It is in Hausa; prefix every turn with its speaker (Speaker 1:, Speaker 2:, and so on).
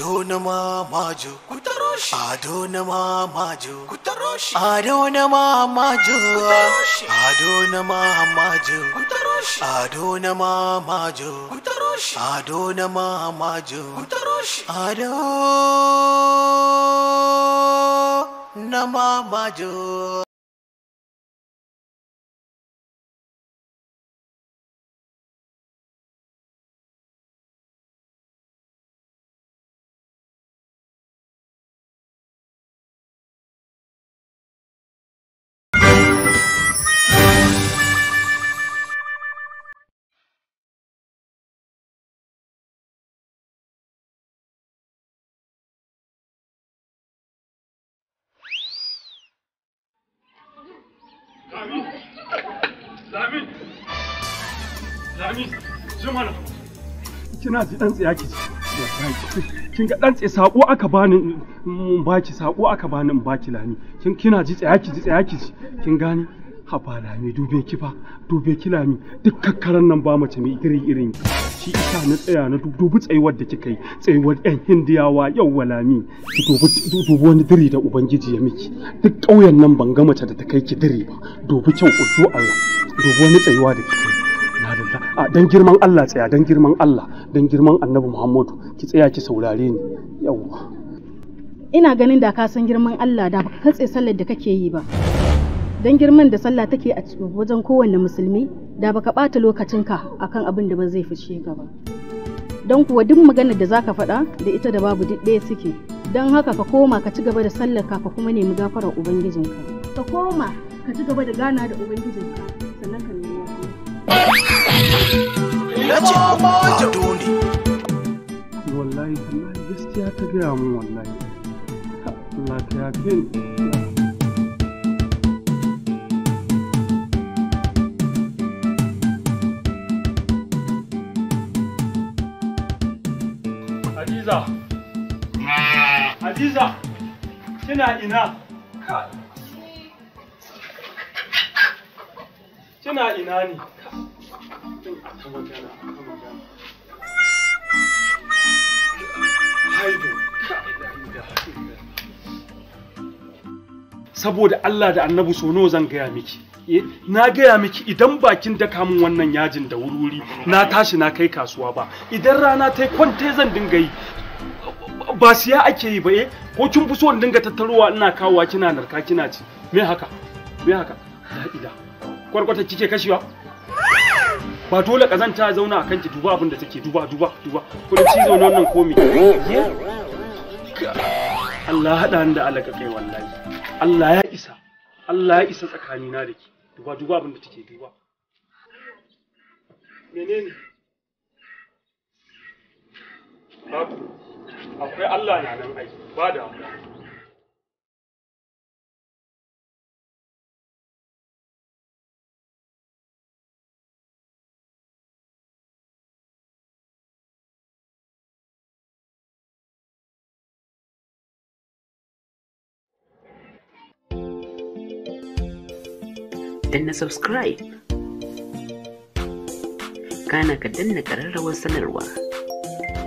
Speaker 1: Adonama Maju Kutaroshi Adonama Maju Kutaroshi Adonama Maju Kutaroshi Adonama Maju Kutaroshi Adonama Maju Kutaroshi Adonama Maju Kutaroshi Ado Nama Maju Jumana! Kina ji ɗan tsaya ki Kin ga ɗan tsaye saƙo aka bani mun baki saƙo aka bani mun baki lani Kin kina ji tsaya ki ji tsaya ji. Kin gane? haba lami dube ki fa dube ki lami duk kakkaran nan ba mace mai irin irin shi isa na tsaya na dubu tsayuwar da kika yi tsayuwar yan hindiyawa yau wala lami ki dubu wani diri da ubangiji ya miki duk ƙauyen nan ban ga mace da ta kai ki diri ba dubu kyau uddu Allah dubu wani tsayuwa da kika yi a dan girman Allah tsaya dan girman Allah dan girman Annabi Muhammadu ki tsaya ki saurare ni yau. ina ganin da ka san girman Allah da ka tsaye sallar da kake yi ba don girman da sallah take a wajen kowanne musulmi da baka ɓata lokacinka akan abin da ba zai fice ka ba don kuwa duk maganar da zaka faɗa da ita da babu duk ɗaya suke don haka ka koma ka ci gaba da sallar ka kuma nemi gafarar ubangijinka ka koma ka ci gaba da gana da ubangijinka sannan ka nemi wallahi wallahi gaskiya ta gaya mun wallahi Allah ta yafe Aziza. Aziza, kina ina? Kina ina ne? Saboda Allah da annabi sono zan gaya miki. Eh, na gaya miki idan bakin daka min wannan yajin da wuri na tashi na kai kasuwa ba idan rana ta kwante zan dinga yi ba siya ake yi ba eh ko kin fi so in dinga tattaruwa ina kawowa kina narka kina ci me haka me haka la ila kwarkwata kike kashewa ba dole kazanta ya zauna a kanki duba abin da take duba duba duba da cizo ne wannan komi Allah haɗa ni da alaka kai wallahi Allah ya isa Allah ya isa tsakanina da ke duba duba abin da take duba menene babu akwai Allah na nan aiki ba da danna subscribe kana ka danna ƙararrawar sanarwa